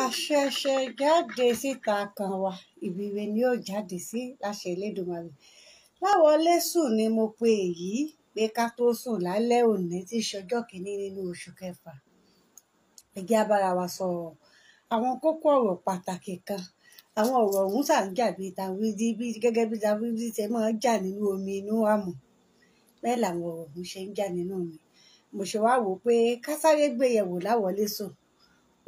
a ṣẹ̀ṣẹ̀ jáde síta kan wa ibi ire ni yóò jáde sí láṣẹ Elédùmarè láwọlé sùn ni mo pe èyí pé ká tó sùn lálẹ́ òní tí í ṣọjọ́ kìíní nínú oṣù kẹfà ẹ jẹ́ á bára wa sọ̀rọ̀ àwọn kókó ọ̀rọ̀ pàtàkì kan àwọn ọ̀rọ̀ ọ̀hún ṣà ń jà bíi tàwídí bí gẹ́gẹ́ bí tàwídí ṣe máa ń jà nínú omi inú àmù bẹ́ẹ̀ làwọn ọ̀rọ̀ ọ̀hún ṣe ń jà nínú omi mo ṣe wá wò ó pé ká sáré gbéyẹ̀wò láwọlé sùn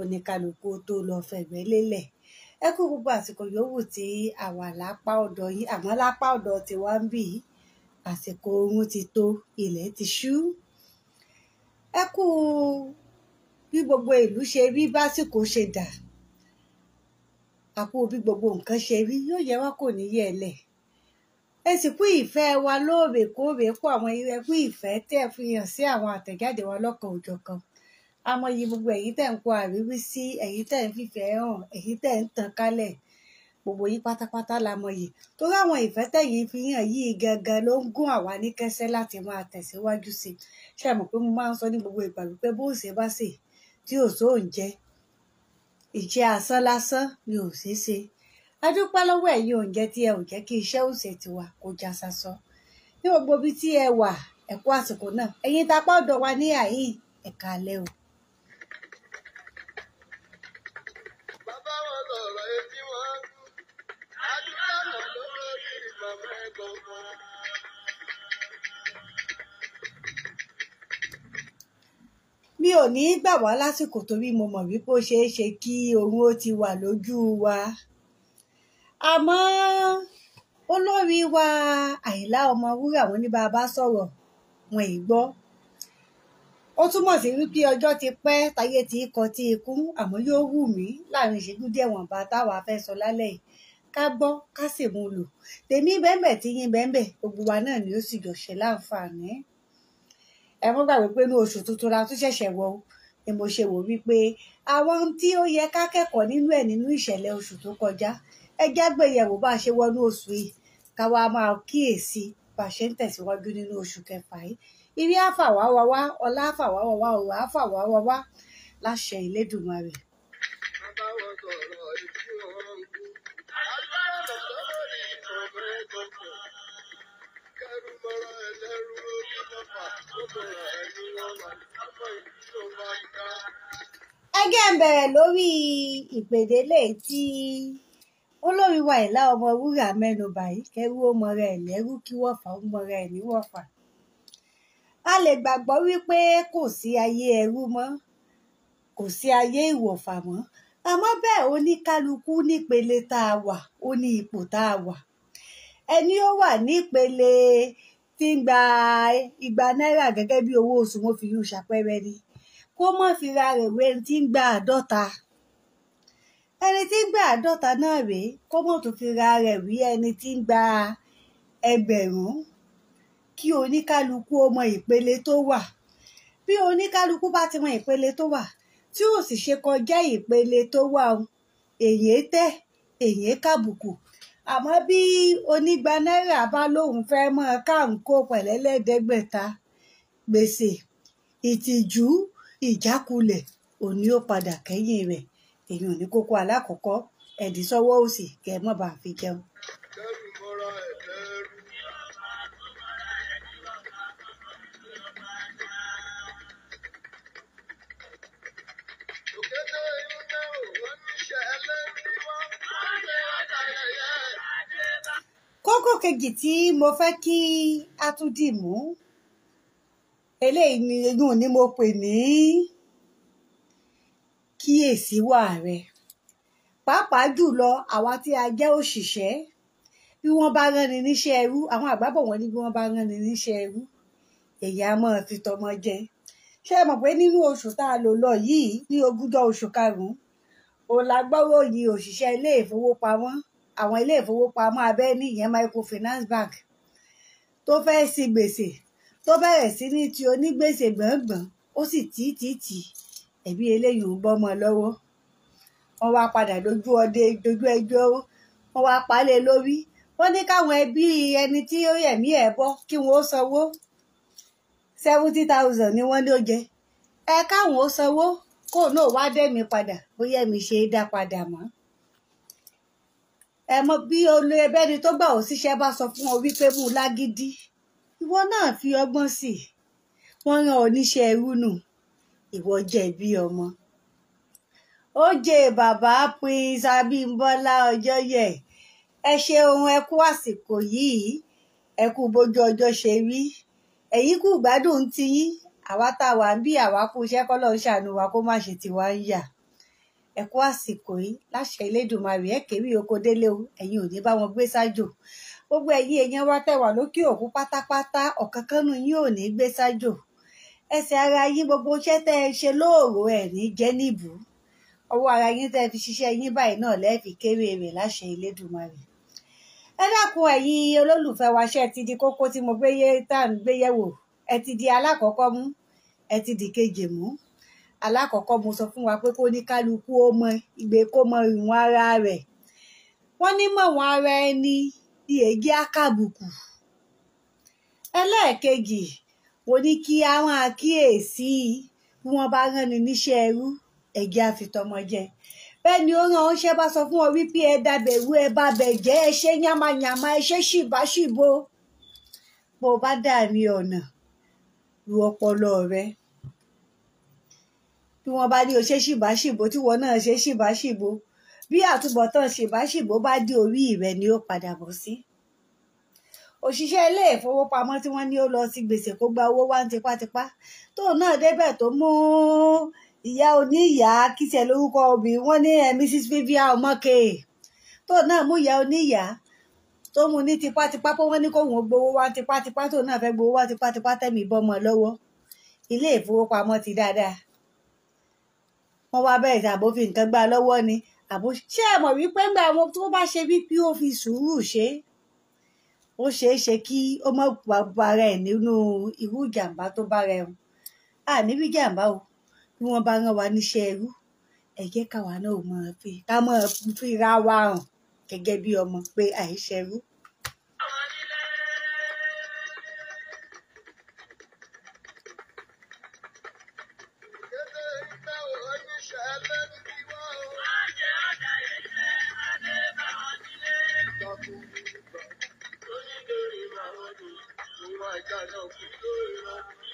oníkálukú tó lọ fẹ̀gbẹ́ lélẹ̀ ẹ kú gbogbo àsìkò yòówù tí àwa lápá ọ̀dọ̀ yìí àmọ́ lápá ọ̀dọ̀ tí wá ń bì í àsìkò oorun ti tó ilẹ̀ ti ṣú ẹ kú bí gbogbo ìlú ṣe rí básìkò ṣe dà àpò bí gbogbo nǹkan ṣe rí yóò yẹ wá kò ní yẹ ẹ lẹ̀ ẹ sì kú ìfẹ́ wa lóòrèkóòrè kú àwọn ẹ kú ìfẹ́ tẹ́ ẹ fi hàn sí àwọn àtẹ̀jáde wa lọ́kàn òjọ̀ kan amọ̀yí gbogbo èyí tẹ̀ ń kó àríwí sí èyí tẹ̀ ń fìfẹ́ hàn èyí tẹ̀ ń tàn kálẹ̀ gbogbo yìí pátápátá la mọyì torí àwọn ìfẹ́ tẹ̀yìn fi hàn yìí gangan ló ń gún àwa ní kẹsẹ́ láti máa tẹ̀síwájú sí i ṣe mọ̀ pé mo máa ń sọ ní gbogbo ìgbà wípé bó ṣe bá ṣe tí òṣó ń jẹ ìjẹ asán lásán ni ò ṣeé ṣe a dúpẹ́ lọ́wọ́ ẹ̀yin òǹjẹ́ tí ẹ ò jẹ́ kí iṣẹ́ òṣè tiwa kó já sásọ ní gbogbo ibi tí ẹ wà ẹ kú àsìkò náà ẹ̀yin tapá ọ̀dọ̀ wa ní àyè ẹ̀ka alẹ́ o. mi ò ní gbà wá lásìkò torí mo mọ̀ wípé ó ṣeé ṣe kí ohun ó ti wà Lójú wa àmọ́ olórí wa àyìnlá ọmọwúrà wọn ní bàbá sọ̀rọ̀ wọn ì gbọ́ ó túmọ̀ sí wípé ọjọ́ ti pẹ́ táyé ti kọ tí ikú àmọ́ yóò wù mí láàrin ìṣẹ́jú díẹ̀ wọ̀nba táwa fẹ́ sọ lálẹ́ yìí ká gbọ́ ká sì mú lò tèmi bẹ́ẹ̀bẹ̀ tí yín bẹ́ẹ̀bẹ̀ gbogbo wa náà ni ó sì jọ̀ṣẹ́ láǹfààní ẹ mọ́ gbàgbé pé ní oṣù tuntun la tún ṣẹ̀ṣẹ̀ wọ ni mo ṣe wò wípé àwọn tí ó yẹ ká kẹ́kọ̀ọ́ nínú ẹ̀ nínú ìṣẹ̀lẹ̀ oṣù tó kọjá ẹ jẹ́ gbéyẹ̀wò bá a ṣe wọnú oṣù yìí ká wá máa kíyèsí bá a ṣe ń tẹ̀síwájú nínú oṣù kẹfà yìí ire àfàwáwáwá ọlá àfàwáwáwá ọ̀rọ̀ àfàwáwáwá láṣẹ Elédùmarè. ẹgẹ́ ń bẹ̀rẹ̀ lórí ìpèdélé tí olórí wa ìlà ọmọ wúrà mẹ́nubà yìí kẹrú ọmọ rẹ lẹ́rú kí wọ́n fà ọmọ rẹ níwọ̀n fà. a lè gbàgbọ́ wípé kò sí ayé ẹrú mọ́ kò sí ayé ìwọ̀fà mọ́ àmọ́ bẹ́ẹ̀ oníkálukú nípele tá a wà ó ní ipò tá a wà ẹni ó wà nípele tí ń gba igba náírà gẹ́gẹ́ bí owó oṣù wọn fi yún ṣàpẹẹrẹ ni kó mọ̀ fira rẹ̀ wé tí ń gba àádọ́ta ẹni tí ń gba àádọ́ta náà rèé kọ́mọ̀ tó fi ra rẹ̀ wí ẹni tí ń gba ẹgbẹ̀rún kí oníkálukú ó mọ ìpele tó wà bí oníkálukú bá ti mọ ìpele tó wà tí ò sì ṣe kọjá ìpele tó wà o èyí tẹ èyí kàbùkù àmọ́ bí onígba náírà bá lóun fẹ́ mọ́ káńkó pẹ̀lẹ́lẹ́dẹ́gbẹ̀ta gbèsè ìtìjú ìjákulẹ̀ òní ó padà kẹ́yìn rẹ̀ èèyàn ní kókó alákọ̀ọ́kọ́ ẹ̀dí sọ́wọ́ òsì kẹ́ ẹ mọ̀ bá fi jẹun. kókó kejì tí mo fẹ́ kí a tún dì mú eléyìí ni inú ni mo pè ní. Ni kíyèsí wà rẹ pàápàá jùlọ àwa tí a jẹ́ òṣìṣẹ́ bí wọ́n bá rán ni níṣẹ́ ẹrú àwọn àgbàbọ̀ wọn ní bí wọ́n bá rán ni níṣẹ́ ẹrú èyí á mọ̀ ti tọmọ jẹ ṣé ẹ mọ̀ pé nínú oṣù tá a lò lọ yìí ní ogúnjọ́ oṣù karùn-ún yìí òṣìṣẹ́ ilé ìfowópamọ́ àwọn ilé ìfowópamọ́ abẹ́ní ìyẹn microfinance bank tó fẹ́ sí gbèsè tó bẹ̀rẹ̀ sí ní ti onígbèsè gbọ̀ngbọ̀n ó sì tì tì tì ẹbí eléyìí ń bọ́mọ lọ́wọ́ wọ́n wá padà dojú ọdẹ dojú ẹjọ́ wọ́n wá palẹ̀ lórí wọ́n ní káwọn ẹbí ẹni tí ó yẹ̀mí ẹ̀ bọ́ kí wọ́n sanwó seventy thousand ni wọ́n ló jẹ ẹ káwọn ó sanwó kó náà wá dẹ́mi padà bóyá mi ṣe é dá padà mọ́ ẹ mọ bí olú ẹbẹni tó gbà ò síṣẹ́ bá sọ fún ọ wípé mú lágídí ìwọ náà fi ọgbọ́n sí i wọ́n yan oníṣẹ́ ẹrú nù ìwọ jẹ̀bi ọmọ. ó jẹ bàbá Prince Abímbọ́lá Ọjọ́yẹ ẹ ṣe ohun ẹ kú àsìkò yìí ẹ kú bójú ọjọ́ ṣe rí èyí kú gbádùn tiyín àwa tá a wà ń bí àwa kú iṣẹ́ kọ́lọ́ ń ṣàánú wa kó má ṣe tiwa ń yà ẹ kú àsìkò yìí láṣẹ Elédùmarè ẹ kéré oko délé o ẹ̀yin ò ní bá wọn gbé sájò gbogbo ẹ̀yin èèyàn wa tẹ̀wà lókè òkú pátápátá ọ̀kánkánú yín ò ní gbé sájò ẹsẹ̀ ara yín gbogbo iṣẹ́ tẹ́ ẹ ṣe lóòrò ẹ̀ ní jẹ́ níbù ọwọ́ ara yín tẹ́ ẹ fi ṣiṣẹ́ yín báyìí náà lẹ́ẹ̀ fi kéré rẹ̀ láṣẹ Elédùmarè ẹ dákun ẹ̀yin olólùfẹ́ wa ṣe ti di kókó tí mo gbé yé tá à ń gbé yẹ̀wò ẹ ti di alákọ̀ọ́kọ́ mú ẹ ti di kejì mú alákọ̀ọ́kọ́ mo sọ fún wa pé kó ní kálukú ó mọ ìgbé kó mọ ìwọ̀n ara rẹ̀ wọ́n ní mọ̀wọ́n ara ẹni ìyègí àkàbùkù ẹlẹ́ẹ̀kejì kò ní kí a máa kíyèsí bí wọ́n bá rán ni níṣẹ́ ẹrú ẹ̀jẹ̀ àfitọ́mọ jẹ bẹ́ẹ̀ ni ó rán oúnṣẹ́ bá sọ fún ọ wípé ẹ dàbẹ̀rú ẹ bá bẹ̀jẹ́ ẹ ṣe yàmàyàmà ẹ ṣe ṣìbáṣìbo bó o bá dàrí ọ̀nà ru ọpọlọ rẹ bí wọ́n bá ní o ṣe ṣìbáṣìbo tí wọ́n náà ṣe ṣìbáṣìbo bí àtúbọ̀tán ṣìbáṣìbo bá dé orí rẹ ni ó padà bọ̀ sí. Si òṣìṣẹ́ ilé ìfowópamọ́ tí wọ́n ní ó lọ sí gbèsè kó gba owó wá ń tipátipá tóun náà débẹ̀ tó mú ìyá oníyà kìsẹ̀ lórúkọ òbí wọ́n ní eh, Mrs Vivian Omoke tóun náà mú ìyá oníyà tó mú ní tipátipá pé wọ́n ní kóun gbowó wá tipátipá tóun náà fẹ́ gbowó wá tipátipá tẹ̀mí bọ́mọ lọ́wọ́ ilé ìfowópamọ́ ti dáadáa wọ́n wá bẹ́ẹ̀ tí àbó fi nǹkan gbá lọ́wọ́ ni àbó ṣé ẹ mọ̀ wípé ńgbà wọn tó bá ṣe bí pí ó fi sùúrù ṣe ó ṣeé ṣe kí ó má gba ara ẹ̀ nínú irú ìjàmbá tó bá rẹ̀ hàn à níbi ìjàmbá o bí wọ́n bá rán wa níṣẹ́ ẹrú ẹ jẹ́ káwa náà mọ̀ ọ́n pé ká mọ̀ fi ra wa hàn gẹ́gẹ́ bí ọmọ pé àìṣẹ́rú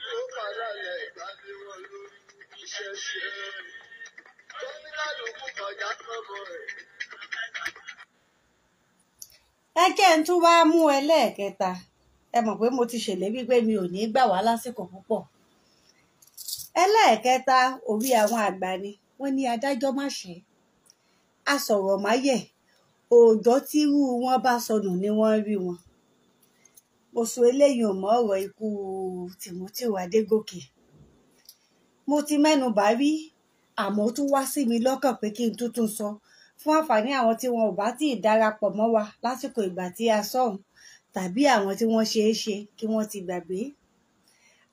yóò padà lẹ̀ ìgbàlè wọn lórí iṣẹ́ ṣe. Gómìnà ló kú kọjá sọ́mọ rẹ̀. Ẹ jẹ́ ń tún wá mú ẹ lẹ́ẹ̀kẹta. Ẹ mọ̀ pé mo ti ṣèlérí pé mi ò ní gbà wá lásìkò púpọ̀. Ẹlẹ́ẹ̀kẹta òbí àwọn àgbà ni wọ́n ní adájọ́ má ṣe. Asọ̀rọ̀ máyẹ̀ òòjọ́ tírú wọn bá sọnù ni wọ́n rí wọn mo sọ eléyìí ò mọ́ ọ̀rọ̀ ikú Timothy Adégòkè mo ti mẹ́nu bà rí àmọ́ tún wá sí mi lọ́kàn pé kí n tuntun sọ fún àǹfààní àwọn tí wọn ò bá tí ì darapọ̀ mọ́ wa lásìkò ìgbà tí a sọ̀hún tàbí àwọn tí wọ́n ṣe é ṣe kí wọ́n ti gbàgbé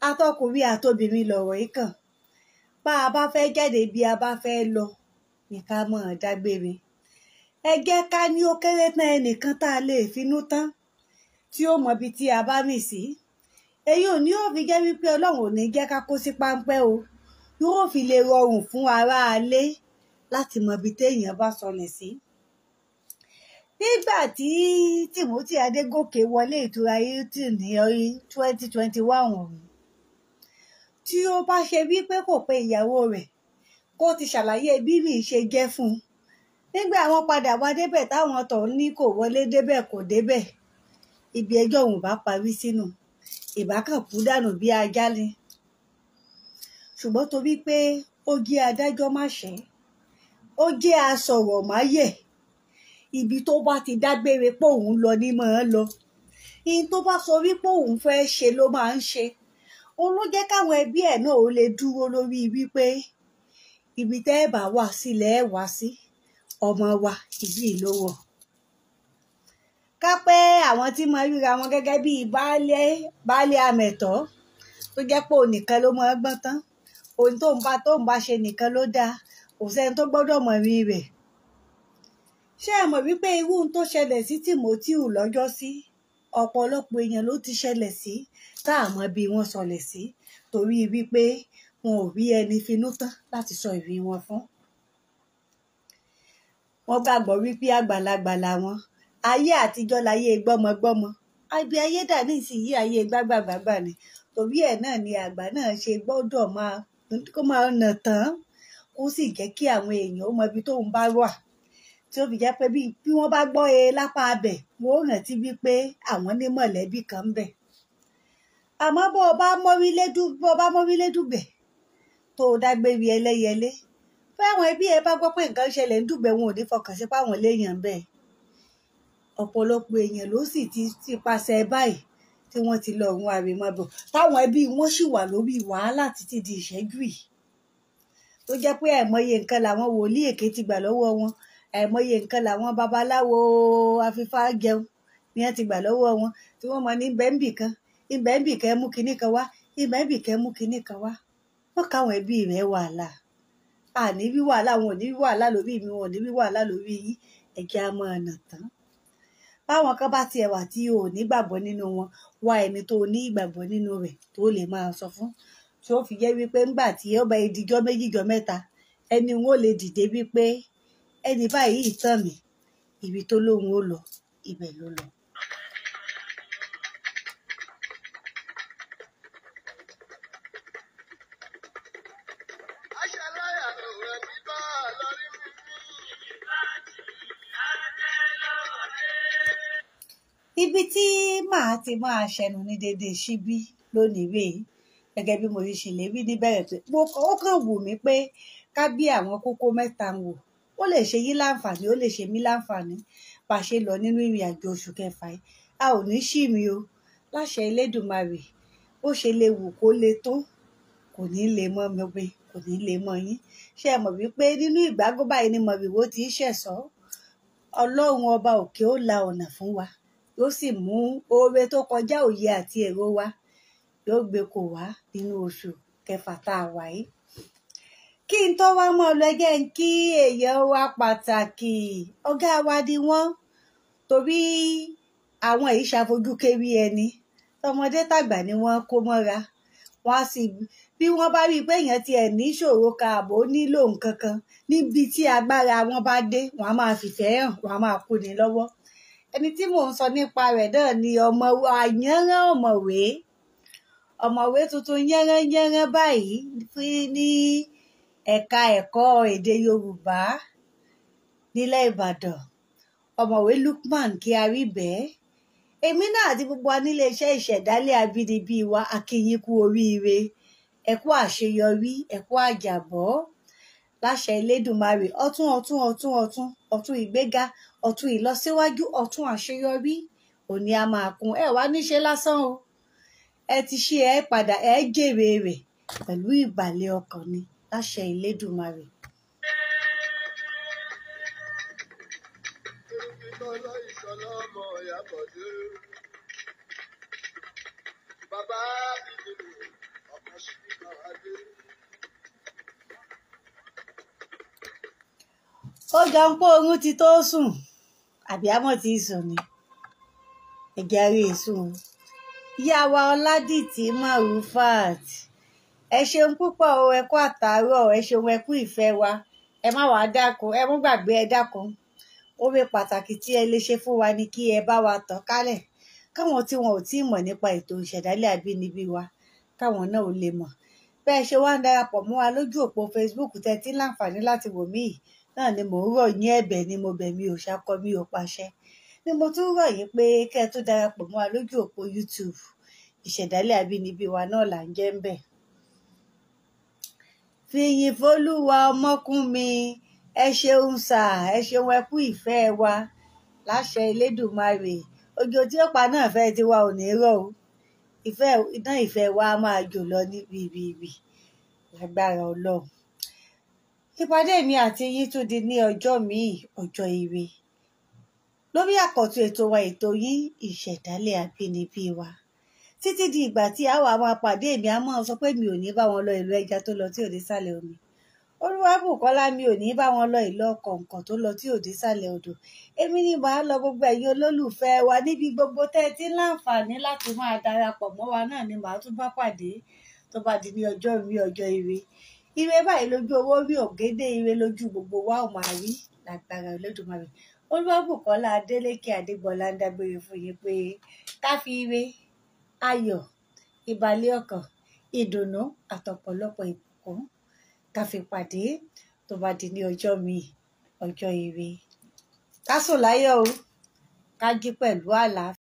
atọ́kùnrin àtobìnrin lọ̀rọ̀ yìí kàn bá a bá fẹ́ jáde bí a bá fẹ́ lọ nìkan mọ̀ ọ́n dágbére ẹ ká ní ó kéré tán ẹnìkan tá a lè finú tán tí ó mọ ibi tí a bá mì sí èyí ò ní òfin jẹ́ wípé ọlọ́run ò ní jẹ́ ká kó sí páńpẹ́ o yóò fi lè rọrùn fún aráalé láti mọ ibi téèyàn bá sọnù sí. nígbà tí Timothy Adégòkè wọlé ìtura Hilton ní ọrí twenty twenty one ọ̀hún tí ó bá ṣe wípé kò pé ìyàwó rẹ̀ kó ti ṣàlàyé bí mi ṣe jẹ́ fún un nígbà wọn padà wá débẹ̀ táwọn tó ní kò wọlé débẹ̀ kò débẹ̀ ibi ẹjọ́ òun bá parí sínú ìbá dànù bí ajá ni ṣùgbọ́n torí pé ó jẹ́ adájọ́ máṣẹ́ ó jẹ́ asọ̀rọ̀máyè ibi tó bá ti dágbére pé òun lọ ní máa lọ ihun tó bá sọ wípé òun fẹ́ ṣe ló máa ń ṣe òun ló jẹ́ káwọn ẹbí ẹ̀ náà ó lè dúró lórí wípé ibi tẹ́ ẹ̀ bá wà sílẹ̀ ẹ̀ wá sí ọmọ wa ìdí ìlówó ká àwọn tí mo ríra wọn gẹ́gẹ́ bíi baálé baálé amẹ̀tọ́ tó jẹ́ pé òun nìkan ló mọ ọgbọ́n tán òun tó ń bá tó ń bá ṣe nìkan ló dáa kò sẹ́ni tó gbọ́dọ̀ mọ̀ rí rẹ̀ ṣé ẹ mọ̀ wípé irú tó ṣẹlẹ̀ sí Timothy lọ́jọ́ sí ọ̀pọ̀lọpọ̀ èèyàn ló ti ṣẹlẹ̀ sí tá a mọ̀ bí wọ́n sọlẹ̀ sí torí wípé wọn ò rí ẹni finú tán láti sọ ìrí wọn fún wọ́n gbàgbọ́ wípé àgbàlagbà làwọn ayé àtijọ́ láyé gbọ́mọgbọ́mọ àbí ayé dàbí ìsinyìí ayé gbágbàgbàgbà ni torí ẹ̀ náà ni àgbà náà ṣe gbọ́dọ̀ máa kó máa nà tán kó sì jẹ́ kí àwọn èèyàn ó mọ ibi tóun bá wà tí ó fi jẹ́ pé bí wọ́n bá gbọ́ e lápá abẹ̀ wọ́n ó rántí wípé àwọn ní mọ̀lẹ́bí kan ń bẹ àmọ́ bó o bá mọ́rílédùgbẹ̀ tó o dágbére ẹlẹ́yẹlé fáwọn ẹbí ẹ bá gbọ́ pé nǹkan ṣẹlẹ̀ ń dùgbẹ̀ wọn ò ní fọkàn sí páwọn léèyàn bẹ́ẹ̀ ọ̀pọ̀lọpọ̀ èèyàn ló sì ti tipasẹ̀ báyìí tí wọ́n ti lọ òun àrèmabọ̀ táwọn ẹbí wọn sì wà lórí wàhálà títí di ìṣẹ́jú yìí tó jẹ́ pé àìmọye nǹkan làwọn wòlíì èké ti gbà lọ́wọ́ wọn àìmọye nǹkan làwọn babaláwo afífá jẹun ni wọ́n ti gbà lọ́wọ́ wọn tí wọ́n mọ ní bẹ́ńbì kan ìbẹ́ńbì kan mú kinní kan wá ìbẹ́ńbì kan mú kinní kan wá wọ́n káwọn ẹbí rẹ̀ wàhálà àní bí wọn ò ní bí lórí mi wọn ò ní bí lórí yìí ẹ̀jẹ̀ á máa nà tán báwọn kan bá tiẹ̀ wà tí o ò nígbàgbọ́ nínú wọn wá ẹni tó ní ìgbàgbọ́ nínú rẹ̀ tó lè máa sọ fún tí ó fi jẹ́ wípé ńgbà tí ó bá ìdíjọ́ méjìjọ́ mẹ́ta ẹni wọn ò lè dìde wípé ẹni báyìí tàn mí ibi tó lóun ó lọ ibẹ̀ ló lọ. ibi tí màá ti máa ṣẹnu ní dédé síbí lónìí rèé gẹ́gẹ́ bí mo ti ṣèlérí níbẹ̀rẹ̀ pé ó kàn wù mí pé ká bí àwọn kókó mẹ́ta wò ó lè ṣe yín láǹfààní ó lè ṣe mí láǹfààní bá a ṣe lọ nínú ìrìn àjò oṣù kẹfà yìí a ò ní ṣì mí o láṣẹ Elédùmarè ó ṣe lè wù kó le tó kò ní lè mọ mi pé kò ní lè mọ yín ṣe mọ̀ wípé nínú ìgbàgbọ́ báyìí ni mọ̀wíwó ti ń ṣẹ̀sọ́ ọlọ́run ọba òkè ó la ọ̀nà fún wa yóò sì mú oore tó kọjá òye àti èrò wa yóò gbé kò wá nínú oṣù kẹfà tá a wà yìí kí n tó wá mọ ọlọjẹ ń kí èèyàn wa pàtàkì ọgá wa di wọn torí àwọn yìí ṣàfojú kéwì ẹni tọmọdé tàgbà ni wọn kó mọ́ra wọn á sì bí wọn bá rí i pé èèyàn tiẹ̀ níṣòro ka àbò nílò nǹkan kan níbi tí agbára wọn bá dé wọn á máa fìfẹ́ hàn wọn á máa kó ni lọ́wọ́ ẹni tí mò ń sọ nípa rẹ̀ náà ni ọmọ àyànrán ọ̀mọ̀wé ọ̀mọ̀wé tuntun yẹ́rẹ́yẹ́rẹ́ báyìí ní ẹ̀ka ẹ̀kọ́ èdè Yorùbá nílẹ̀ Ìbàdàn ọ̀mọ̀wé Lukman Kyaribẹ èmi náà àti gbogbo wa nílé iṣẹ́ ìṣẹ̀dálẹ̀ abínibí wa a kí yín kú oríire ẹ kú àṣeyọrí ẹ kú àjàbọ́ láṣẹ Elédùmarè ọ̀tún ọ̀tún ọ̀tún ọ̀tún ọ̀tún ìgbéga ọ̀tun ìlọsíwájú ọ̀tun àṣeyọrí òní a máa kún ẹ wá níṣe lásán o ẹ ti ṣe ẹ padà ẹ jèrè rẹ̀ pẹ̀lú ìbàlẹ̀ ọkàn ni láṣẹ Elédùmarè. Bàbá mi ni ọmọ sí ní bàbá dé. ó ga ń pọ́ oorun ti tó sùn àbí àmọ́ tí ì sùn ni ẹ̀jẹ̀ rí èso òun. ìyá wa ọládìtì marufat ẹ ṣeun púpọ̀ o ẹ kú àtàárọ̀ ẹ ṣeun ẹ kú ìfẹ́ wa ẹ má wàá dákun ẹ mú gbàgbé ẹ dákun oore pàtàkì tí ẹ lè ṣe fún wa ni kí ẹ bá wa tàn kálẹ̀ káwọn tí wọn ò tí ì mọ̀ nípa ètò ìṣẹ̀dálẹ̀ àbínibí wa káwọn náà ò lè mọ̀ bẹ́ ẹ ṣe wá ń darapọ̀ mọ́ wa lójú òpó Facebook tẹ́tí láǹfààní láti wò míì náà ni mò ń rọ̀ yín ẹ̀bẹ̀ ni mo bẹ̀ mi ò ṣakọ mi ò paṣẹ ni mo tún rọ̀ yín pé kẹ́ ẹ tó darapọ̀ mọ́ wa lójú òpó YouTube ìṣẹ̀dálẹ̀ àbínibí wa náà là ń jẹ́ ń bẹ̀. fìyìn fọlúwa ọmọkùnmi ẹ ṣeun sà ẹ ṣeun ẹ kú ìfẹ́ wa láṣẹ elédùnmarè ọjọ́ tí ọ̀pá náà fẹ́ ti wa ò rọ̀ o ìfẹ́ iná ìfẹ́ wa máa jò lọ níbi ibi ibi lágbára ọlọ́run ìpàdé mi àti yín tún di ní ọjọ́ míì ọjọ́ ire lórí àkọ́tún ètò wa ètò yìí ìṣẹ̀dálẹ̀ àbínibí wa títí di ìgbà tí àwọn àwọn àpàdé mi á máa sọ pé mi ò ní bá wọn lọ ìlú ẹja tó lọ tí ò dé sàlẹ̀ omi olúwàbùkọ́lá mi ò ní bá wọn lọ ìlọ kọ̀ǹkọ̀ tó lọ tí ò dé odò èmi ni màá lọ gbogbo ẹ̀yin olólùfẹ́ wa níbi gbogbo tẹ́ ẹ ti láǹfààní láti máa darapọ̀ mọ́ wa náà ni màá tún bá pàdé tó bá di ní ọjọ́ mi ọjọ́ ire ire báyìí lójú owó rí ògédé ire lójú gbogbo wa ò máa rí lágbára olódùmarè olúwàbùkọ́lá adélékè adégbọlá ń dágbére fún yín pé ká fi ire ayọ̀ ìbàlẹ̀ ọkàn ìdùnnú àtọ̀pọ̀lọpọ̀ ìbùkún ká fi pàdé tó bá di ní ọjọ́ míì ọjọ́ ire ká sùn o ká jí pẹ̀lú àlàáfíà.